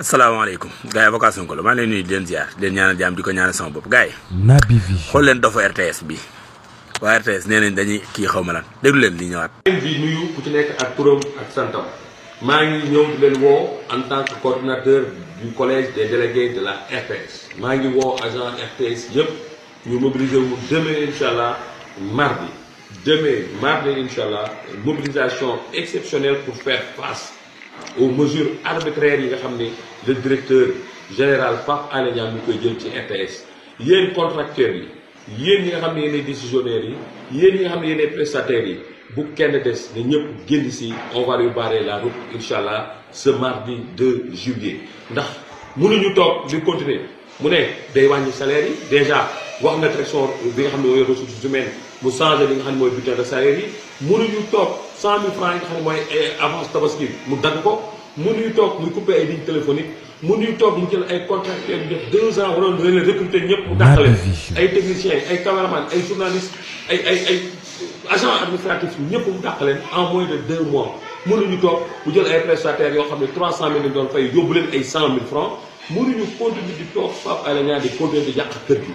assalamu gars yi vocation ko la maa ngi leen nuyu di leen ziar di leen ñaanal jàmm di ñaanal sama bopp gars yi. Naby Vision xool leen RTS bi waa RTS nee nañ dañuy kii xaw lan déglu leen li ñëwaat. leen di nuyu ku ci nekk ak ak santam di en tant que coordinateur du collège des délégués de la RTS. maa wo agent RTS yëpp ñu mobiliser wu demain inshallah mardi demain mardi inshallah. mobilisation exceptionnelle pour faire face aux mesures arbitraires yi nga le directeur général Pape ALENIA, qui est koy jël ci RTS yeen contracteurs yi yeen contracteurs, nga xamné décisionnaires yi yeen nga prestataires yi bu kenn dess ne ñepp ci on va lui barrer la route Inch'Allah, ce mardi 2 juillet ndax ñu tok di continuer mu né day wañi salaire yi déjà wax na bi nga xamné ressources humaines bu changé li nga xam ne mooy bulletin de salaire yi mënuñu toog cent mille francs yi nga xam ne mooy eh, avance tabaski mu dagg ko mënuñu toog muy coupé ay ligne téléphonique mu jël ay contracteurs yu def deux ans waroon leen recruter ñëpp mu dàqale ay techniciens ay cameraman ay journalistes ay ay ay agent administratif ñëpp mu dàqaleen en moins de deux mois mënuñu toog mu jël ay prestataires yoo xam ne trois cent mille lañ doon fay yóbbu leen ay cent mille francs mënuñu continuer di toog Pape Alé Niang di di yàq kër gi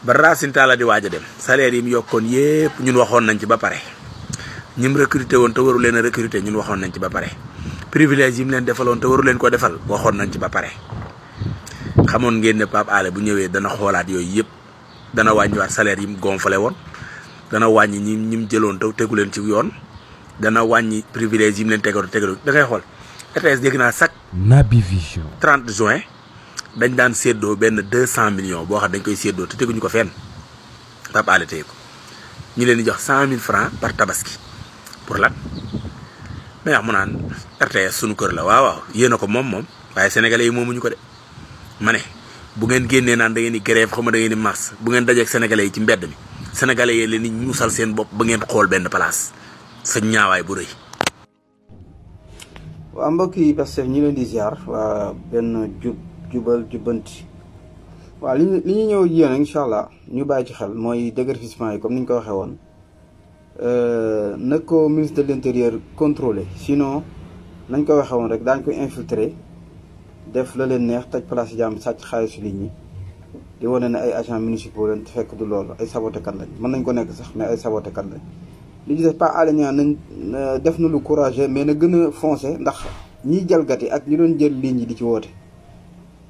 ba Racine Talla di waaj a dem salaire yi mu yokkoon yépp ñun waxoon nañ ci ba pare ñim recruter woon te waru leen a recruter ñun waxoon nañ ci ba pare privilège yi mu leen defaloon te waru leen ko defal waxoon nañ ci ba pare xamoon ngeen ne Pape Alé bu ñëwee dana xoolaat yooyu yépp dana wàññiwaat salaire yi mu gonfale woon dana wàññi ñi ñi mu jëloon te tegu leen ci yoon dana wàññi privilège yi mu leen tegoon tegaloo da ngay xool RTS dégg naa sax. Naby Vision. 30 juin. dañ daan seddo ben 200 millions bo xam dañ koy seddo te teguñu ko fenn tab ale tey ko ñi leen di jox 100000 francs par tabaski pour lan mais wax mu naan RTS suñu kër la waaw waaw yéen ko mom mom waye sénégalais yi moomuñu ko dé mané bu ngeen génné naan da ngeen di grève xaw da ngeen di mars bu ngeen dajé ak sénégalais yi ci mbedd mi sénégalais yi leen ni ñuusal seen bop ba ngeen xol ben place sa ñaaway bu reuy wa mbokk yi parce que ñu leen di ziar wa ben jub jubal jubbanti waaw li li ñu ñëw yéen incha ñu bay ci xel moy déguerpissement yi comme ni ñu ko waxee woon euh, na ko ministre de l'intérieur contrôler sinon nañ ko waxee woon rek dañ ko infiltrer def la leen neex taj place jàmm sacc xaalisu nit ñi di woné né ay agents municipaux lañ fekk du loolu ay sabotekat lañ mën nañ ko nekk sax mais ay sabotekat lañ li ñu def pas aléna nañ euh, def na lu courageux mais na gëna foncer foncé ndax ñiy jalgati ak ñu doon jël ligne yi di ci woote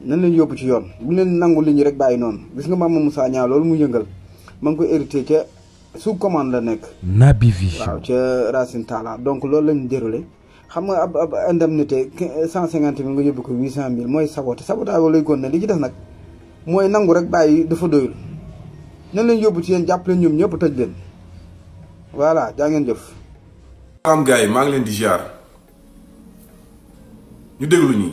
nan leen yóbbu ci yoon bu leen nangu li ñu rek bàyyi noonu gis nga Mama mu Niang loolu mu yëngal ma ngi ko hérité ca sous commande la nekk. Naby Vision waaw ca Racine Talla donc loolu lañ déroulé xam nga ab ab indemnité cent cinquante mille nga yóbbu ko huit cent mille mooy saboté saboté wala lay ne li ci des nag mooy nangu rek bàyyi dafa doyul nan leen yóbbu ci yéen jàpp leen ñëpp tëj leen voilà jaa ngeen jëf. xam maa ngi leen di ziar ñu déglu ñii.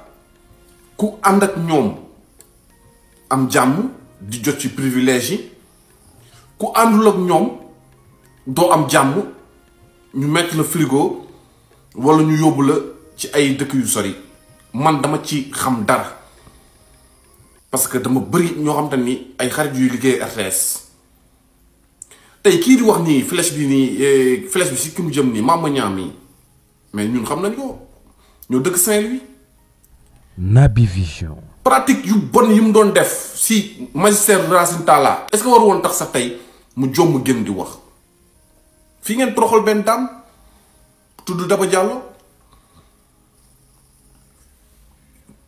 ku ànd ak ñoom am jàmm di jot ci privilège yi ku àndul ak ñoom doo am jàmm ñu mettre le frigo wala ñu yóbbu la ci ay dëkk yu sori man dama ci xam dara parce que dama bëri ñoo xam ni ay xarit yuy liggéey RTS tey kii di wax nii flèche bi nii eh, flèche bi si ki jëm nii maam ñaam yi mais ñun xam nañ ko ñoo dëkk Saint-Louis Nabi Vision. pratique yu bon yi don def si magistère Racine tala. est ce que war tak tax sa tay mu jomm gën di wax fi ngeen toroxal ben dam tudd Daba Diallo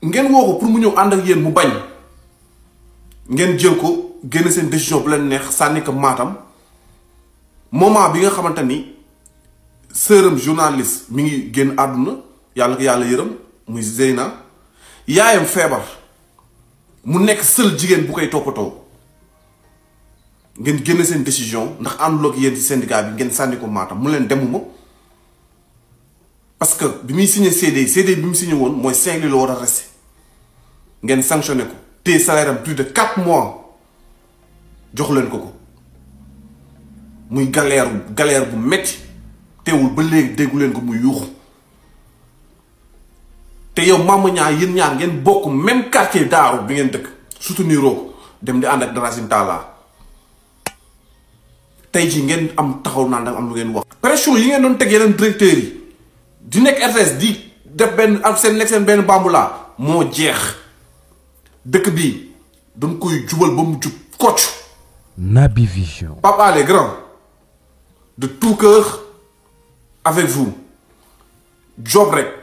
ngeen woo pour mu ñëw ànd ak yéen mu bañ ngeen jël ko génne seen décision bu leen neex sànni ko maatam moment bi nga journaliste mi ngi ko muy Zeyna yaayam feebar mu nekk seul jigéen bu koy toppatoo ngeen génne seen décision ndax ànduloo ak yéen ci syndicat bi ngeen sànni ko Matam mu leen demuma parce que bi muy signé CDI CDI bi mu signé woon mooy cinq li la war a resté ngeen sanctionné ko téye salaire am plus de 4 mois jox leen ko ko muy galère galère bu metti teewul ba léegi déggu leen ko muy yuuxu. te yow Mama Niang yéen ñaar ngeen bokk même quartier daaru bi ngeen dëkk souteniroo ko dem di ànd ak Racine Talla tey jii ngeen am taxaw naan danga am lu ngeen wax. pression yi ngeen doon teg yeneen di nekk RTS di def benn am seen nekk seen benn bambulaa moo jeex dëkk bi dañ koy jubal ba mu jub kocc. Naby Vision. Pape Grand de tout cœur avec vous job rek.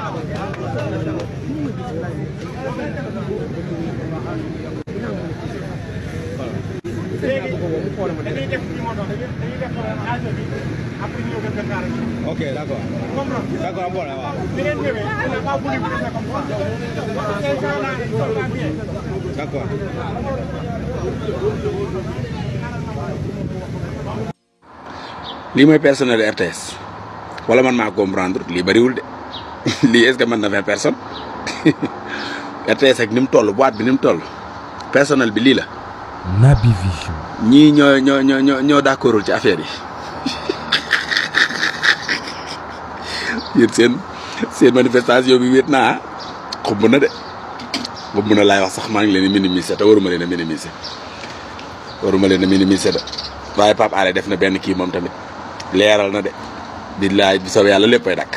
dañuy def li ma doon dañuy ok d'accord. D'accord, D'accord. personnel RTS wala man maa comprendre lii de. lii est-ce que na vingt personnes RTS ak ni mu toll boîte bi ni mu personnel bi lii la. Naby Vision. ñii ñoo ñoo ñoo ñoo ci affaire yi yéen seen seen manifestation bi wéet naa xumb na de xumb na laay wax sax maa ngi leen di minimiser te waruma leen a minimiser waruma leen a de waaye Pape Alé def na benn kii moom tamit leeral na de billaay bi soobee yàlla léppay dakk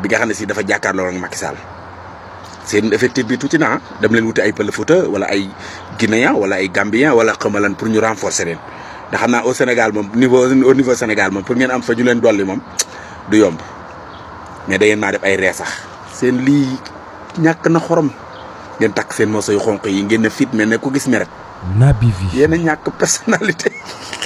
bi nga xam ne sii dafa jàkkaarloo ak Macky seen effectif bi tuuti na dem leen wuti ay pël Fuuta wala ay guinéen wala ay gambien wala xamalan pour ñu renforcer leen ndax xam naa au Sénégal moom niveau au niveau Sénégal moom pour ngeen am fa ñu leen dolli moom du yomb mais da ngeen maa def ay ree sax seen lii ñàkk na xorom ngeen takk seen morso yu xonq yi ngeen a fit mel ne ku gis meret. Naby Vision yéen a ñàkk personnalité.